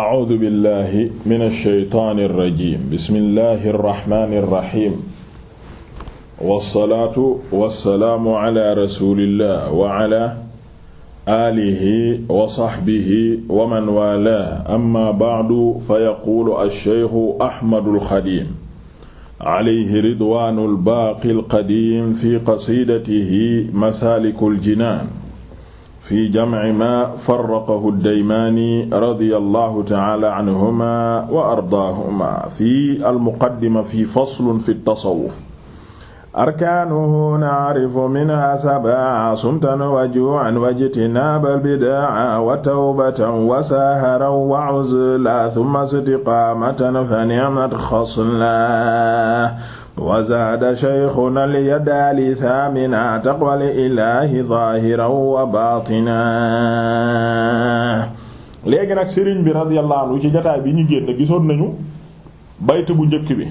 audu billahi min alsheytaan alrajim bismillahi arrahmani irrahim walsalaatu walsalaamu ala rasulillah wa ala aalihi wa saxbihi wa man waalaa amma baadu fa yaquulu alsheykhu ahmadu alxadim alayhi ridwaanu albaaqi alqadim fi qasidatihi masaaliku aljinaan fi jamci ma farraqahu ddaymaani radiyallahu ta'ala anhuma wa ardaahuma fi almuqaddima fi faslun fi tasawuf arkaanuhu naarifu minha sab'a sumtan wa juu'an wa jtinaabal bidaa'a wa tawbatan wa saharan wa 'uzlan thumma istiqaamatan fa ni'mat xaslan wa zaada shaykhuna liyadaali thamina taqwa li ilaahi zahiran wa baatina léegi nag sëriñ bi radiyallahu anhu ci jataay bi ñu génn gisoon nañu bayt bu njëkk bi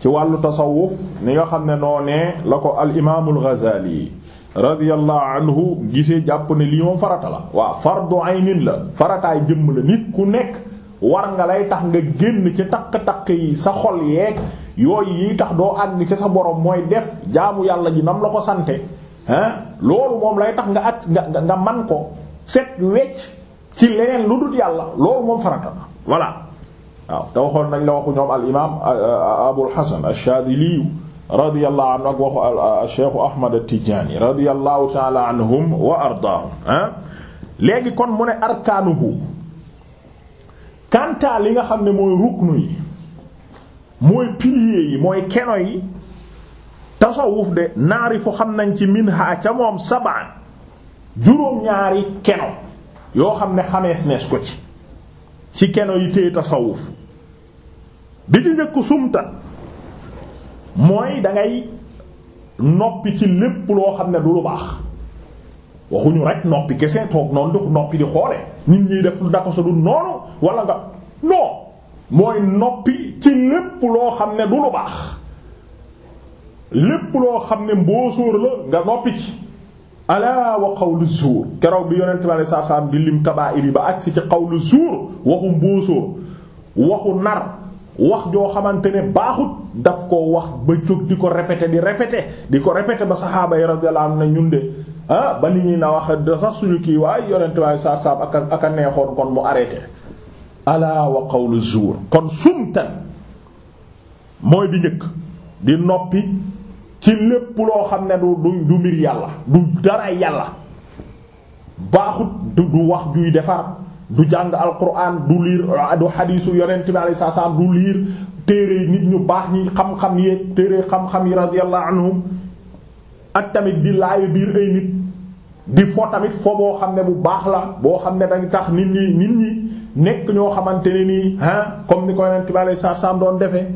ci wàllu tasawuf ni nga xam ne noonee la ko al imaamul Ghazali radiyallahu anhu gisee jàpp ne lii moom farata la waaw fardu aynin la farataay jëmm la nit ku nekk war nga lay tax nga génn ci takk takk yi sa xol yeeg yooy yi tax doo àgg ci sa borom mooy def jaamu yàlla ji nam la ko sante ah loolu moom lay tax nga at nga nga man ko set wecc ci leneen lu dul yàlla loolu moom farata na voilà waaw te waxoon nañ la waxu ñoom al imam abul hasan ash-shadili radiyallahu anhu ak waxu al cheikh ahmad at-tijani radiyallahu ta'ala anhum wa ardaahum léegi kon mu ne arkaanuhu kanta li nga xam ne mooy ruknu yi mooy piliers yi mooy keno yi tasawuf de fu xam nañ ci minha ca moom sabaan juróom-ñaari keno yoo xam ne xamees nees ko ci ci keno yi téye tasawuf bi di njëkk sumta mooy dangay noppi ci lépp loo xam ne du lu baax waxuñu rek noppi kese toog noonu di noppi di xoole nit ñi def lu dako du noonu wala nga non mooy noppi ci lépp loo xam ne du lu baax lépp loo xam ne mboosóor la nga noppi ci alaa wa qawlu zuur keroog bi yonent bi alei satu salaam di lim kabaa'ir yi ba agsi ci qawlu zuur waxu mboosóor waxu nar wax joo xamante ne baaxut daf ko wax ba jóg di ko répété di répété di ko répété ba saxaaba yi radiyallahu anhu na ñun de ah ba li ñuy na wax da sax suñu kii waaye yonent bi alei satu salaam ak a neexoon kon mu arrêté alaa wa qawlu kon sumtan mooy di njëkk di noppi ci lépp loo xam ne du du mbir yàlla du dara yàlla baaxut du wax juy defar du jàng alquran du liir du xadiisu yonent bi alayhi salaam du liir téere nit ñu baax ñi xam-xam yi téere xam-xam yi radiyallahu anhum ak tamit di laaya biir ay nit di fo tamit fo boo xam ne bu baax la boo xam ne dañ tax nit ñi nit ñi nekk ñoo xamante ne nii ah comme ni ko yonent bi alayhi salaam doon defee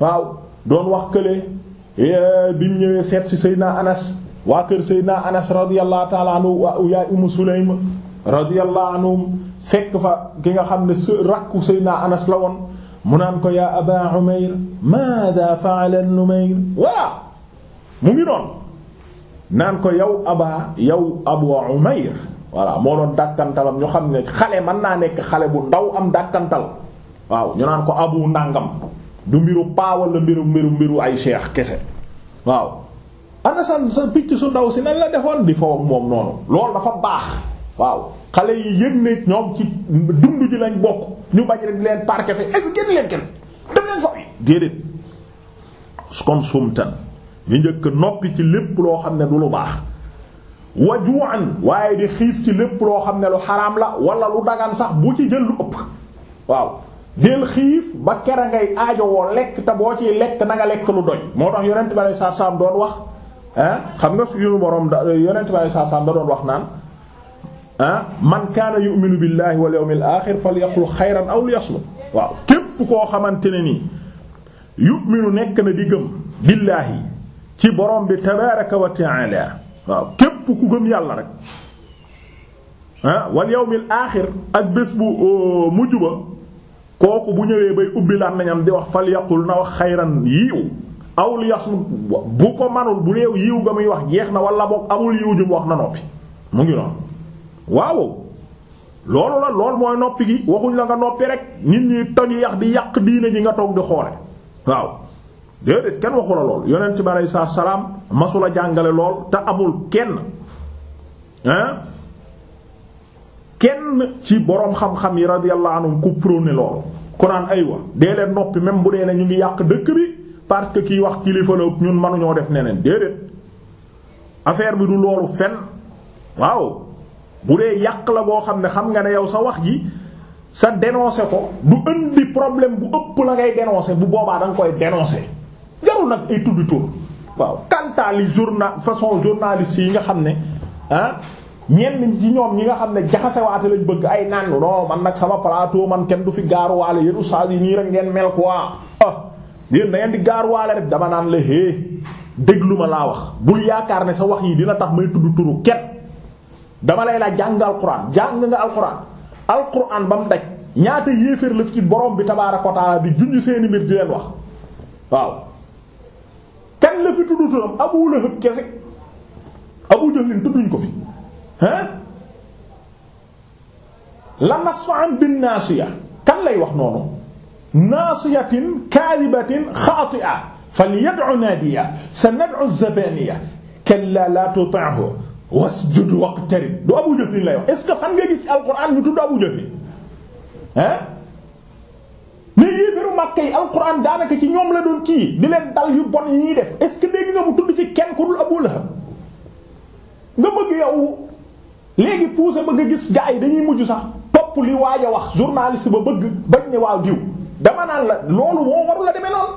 waaw doon wax kële eh, bi mu ñëwee seet ci Seydina Anas waa kër Seydina Anas radiyallahu ta'ala anhu yaay Umm Sulaym radiyallahu fekk fa ki nga xam ne rakku Seydina Anas la woon mu naan ko yaa Aba Umayr maada fa'ala Numayr voilà mu ngi noonu naan ko yow Aba yow Abu Umayr voilà moo doon dàkkantalam ñu xam ne xale mën naa nekk xale bu ndaw am dàkkantal waaw ñu naan ko abu nàngam du mbiru paa wala mbiru mbiru mbiru ay cheikh kese waaw ana sa picc su ndaw si nañ la defoon di foofu moom noonu loolu dafa baax waaw xale yi yëg ne ñoom ci dund ji lañ bokk ñu bañ rek leen parqué fe est leen kenn dem leen foofu déedéet kon sumtan ñu njëkk noppi ci lépp loo xam ne du lu baax wa juan waaye di xiif ci lépp loo xam ne lu xaraam la wala lu dagan sax bu ci jël lu ëpp waaw del xiif ba kera ngay aajo woo lekk te boo ciy lekk na nga lekk lu doy moo tax yonent bi aleyhi salaatu doon wax xam nga suñu borom da yonent bi aleyhi salaatu da doon wax naan man kaana yu'minu billahi wal yawmil aaxir falyaqul xayran aw liyasmut waaw képp koo xamante ne nii yu'minu nekk na di gëm billaahi ci borom bi tabaaraka wa ta'aala waaw képp ku gëm yàlla rek ah yow yawmil aaxir ak bés bu uh, mujj ba kooku bu ñëwee bay ubbi nañam di wax fal yàqul na wax xayran yiiw aw li yasmut bu ko manul bu réew yiiw nga muy wax jeex na wala boog amul yiiw ju wax na noppi mu ngi noonu waaw loolu la loolu mooy noppi gi waxuñ la nga noppi rek nit ñi toj yax di yàq diine ji nga toog di xoole waaw déedéet kenn waxu la lool yonent bi aleyhi salaatu wa salaam masula jàngale lool te amul kenn kenn ci boroom xam-xam yi radiyallahu anhum ku prôné loolu ku naan aywa dee leen noppi même bu dee ne ñu ngi yàq dëkk bi parce que kiy wax kilifa la ñun mënuñoo def neneen déedéet affaire bi du loolu fen waaw bu dee yàq la boo xam ne xam nga ne yow sa wax ji sa dénoncé ko du indi problème bu ëpp la ngay dénoncé bu boobaa da nga koy dénoncé jarul nag ay tudd tur waaw kantaa li journal façon journaliste yi nga xam ne ah ñenn ci ñoom ñi nga xam ne jaxasewaate lañ bëgg ay naan non man nag sama plateau man kenn du fi gaaruwaale yéen oustaz yi nii rek ngeen mel quoi ah yéen da ngeen di gaaruwaale rek dama naan la hé déglu ma laa wax bul yaakaar ne sa wax yi dina tax may tudd turu kenn dama lay laaj jàng nga alquran jàng nga alquran alquran ba mu daj ñaata yéeféer lëf ci borom bi tabaaraka wa taala seeni mbir di leen kan la fi tuddu turam Abu Lahab kese Abu Jahlin tudduñ ko fi hein la masfa'an bin naasiya kan lay wax noonu naasiyatin kaadibatin xaati'a falyad'u naadiya sanad'u zabaniya kallaa laa tuti'hu wasjud waqtarib du Abu Jahlin lay wax est-ce que fan nga gis ci alxuraan ñu tudd Abu Jahlin hein mais yéefaru Makka yi alquran daanaka ci ñoom la doon kii di leen dal yu bon yi ñuy def est ce que léegi nga mu tudd ci kenn ku dul Abu Lahab nga bëgg yow léegi poussé ba nga gis gaa yi dañuy mujj sax topp li waaj a wax journaliste ba bëgg bañ ne waaw diw dama naan la loolu moo waru la demee lool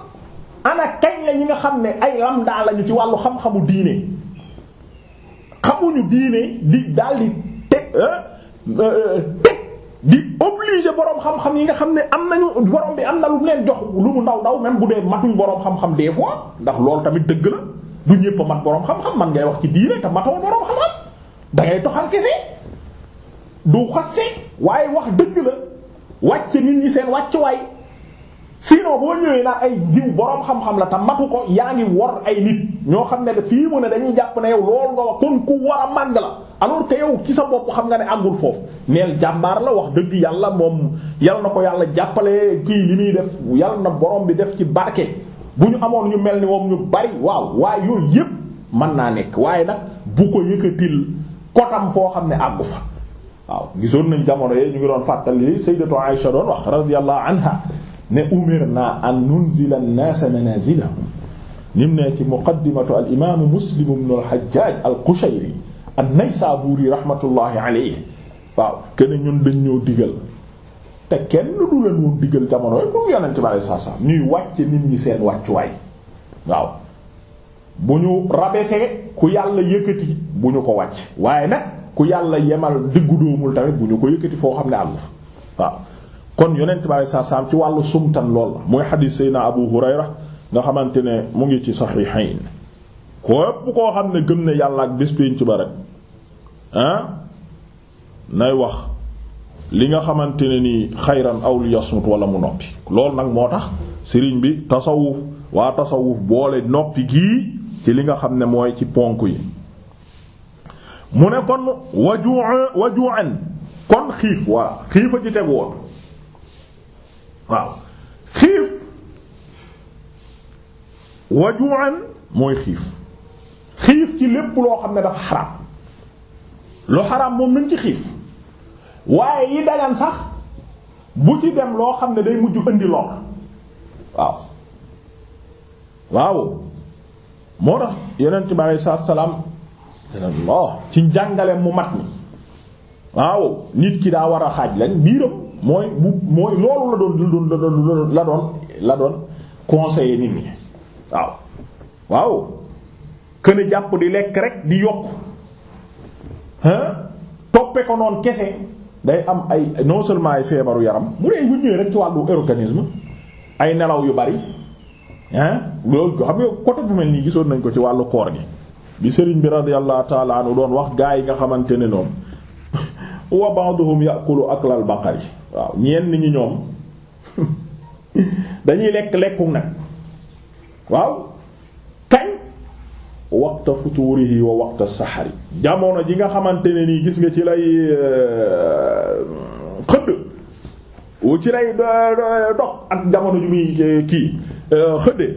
ana kañ la ñi nga xam ne ay lambda lañu ci wàllu xam-xamu diine xamuñu diine di daldi euh, euh, teg di obligé boroom xam-xam yi nga xam ne am nañu borom bi am na lu mu leen jox lu mu ndaw ndaw même bu dee matuñ boroom xam-xam des fois ndax loolu tamit dëgg la du ñépp a mat boroom xam-xam man ngay wax ci diine te matoo boroom xam-xam da ngay toxal kese du xaste waaye wax dëgg la wàcce nit ñi seen wàccuwaay. sinon boo ñëwee naa ay jiw boroom xam-xam la te matu ko yaa ngi wor ay nit ñoo xam ne da fii mu ne dañuy jàpp ne yow loolu nga wax kon ku war màgg la alors que yow ci sa bopp xam nga ne àggul foofu neel jàmbaar la wax dëgg yàlla moom yal na ko yàlla jàppale kii li muy def yal na boroom bi def ci barke bu ñu amoon ñu mel ni moom ñu bari waaw waaye yooyu yépp mën naa nekk waaye nag bu ko yëkkatil kotam foo xam ne àggu fa waaw gisoon nañ jamono yee ñu ngi doon fàttali sayyidatu Aisha doon wax radiyallahu anha ne naa an nunzila an-naasa manaazilahum nim ne ci muqaddimatu al imaamu muslim ibn al hajjaaj al qushayri an-naysaabuuri rahmatullahi alayhi waaw kenn ñun dañ ñoo digal te kenn du leen woon digal jamono du yonente bi alei sat selaam ñuy wàcce nit ñi seen wàccuwaay waaw bu ñu rabesee ku yàlla yëkkati bu ñu ko wàcc waaye nag ku yàlla yemal diggu dóomul tamit bu ñu ko yëkkati foo xam ne àllu fa waaw kon yonent bi alayhi salaam ci wàllu sumtan lool la mooy xadiis Seydina Abu Hurayra nga xamante ne mu ngi ci saxiixayn képp koo xam ne gën ne yàlla ak bés pénc ba rek ah nay wax li nga xamante ne nii xayran aw li yasmut wala mu noppi loolu nag moo tax sëriñ bi tasawuf waa tasawuf boole noppi gii ci li nga xam ne mooy ci ponk yi mu ne kon waju wajuan kon xiif waa xiifa ci teg woon waaw xiif wajuan mooy xiif xiif ci lépp loo xam ne dafa xaraam lu xaraam moom nañ ci xiif waaye yi dagan sax bu ci dem loo xam ne day mujj indi lool waaw waaw moo tax yonent bi aleyhi salaatu wa salaam ci njàngaleem mu mat mi waaw nit ki daa war a xaaj lañ biiram mooy bu mooy loolu la doon la doon la doon la doon nit ñi waaw waaw kën a jàpp di lekk rek di yokk hein toppe ko noonu kese day am ay non seulement ay feebaru yaram mu dee yu ñëwee ci wàllu organisme ay nelaw yu bari hein loolu xam nga côté bu mel nii gisoon nañ ko ci wàllu koor gi bi sëriñ bi radiyallahu ta'ala doon wax gaa yi nga xamante ne noonu wa ba'duhum ak la baqari waaw ñenn ñi ñoom dañuy lekk lekku nag waaw kañ waxta futuurihi wa waxta saxari jamono ji nga xamante ne nii gis nga ci lay euh, xëdd wu ci lay euh, euh, dox ak jamono ju muy kii xëdde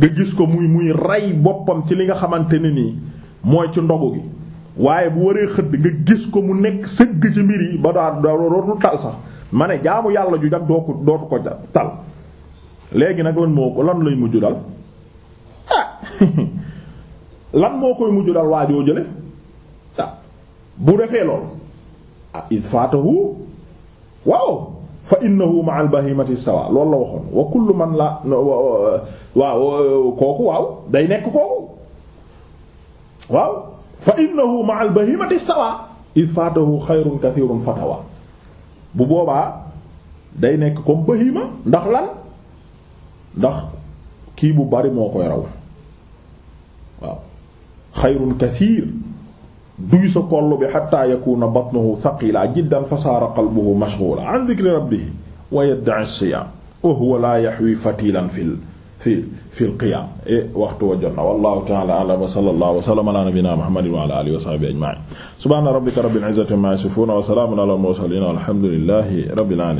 nga gis ko muy muy rey boppam ci li nga xamante ne nii mooy ci ndogu gi waaye bu waree xëdd nga gis ko mu nekk sëgg ci mbir yi ba daa dootu tal sax ma ne jaamu yàlla ju jag doo ko dootu ko tal léegi nag lan moo ko lan lay mujj dal lan moo koy mujj dal waajoo bu defee lool ah is faatahu waaw fa innahu ma al bahimati loolu la waxoon wa kullu man la waaw kooku waaw day nekk kooku waaw fa innahu ma al bahimati istawa il faatahu xayrun kathirun fatawa bu boobaa day nekk comme bahima ndax lan ndax kii bu bari moo koy raw waaw xayrun kathir duy sa koll bi xatta yakuna batnuhu thaqila jiddan fa saara qalbuhu mashghula an dhikri rabbihi wa yadda'i as-siyam wa huwa la yahwi fatilan fil fi fi lqiyam e eh, waxtu wa jot na wallahu ta'ala a'lam wa sallallahu wa sallama ala nabiyyina muhammadin wa ala alihi wa sahbihi ajma'in subhana rabbika rabbil izzati amma yasifun wa salamun ala al mursalin walhamdulillahi rabbil alamin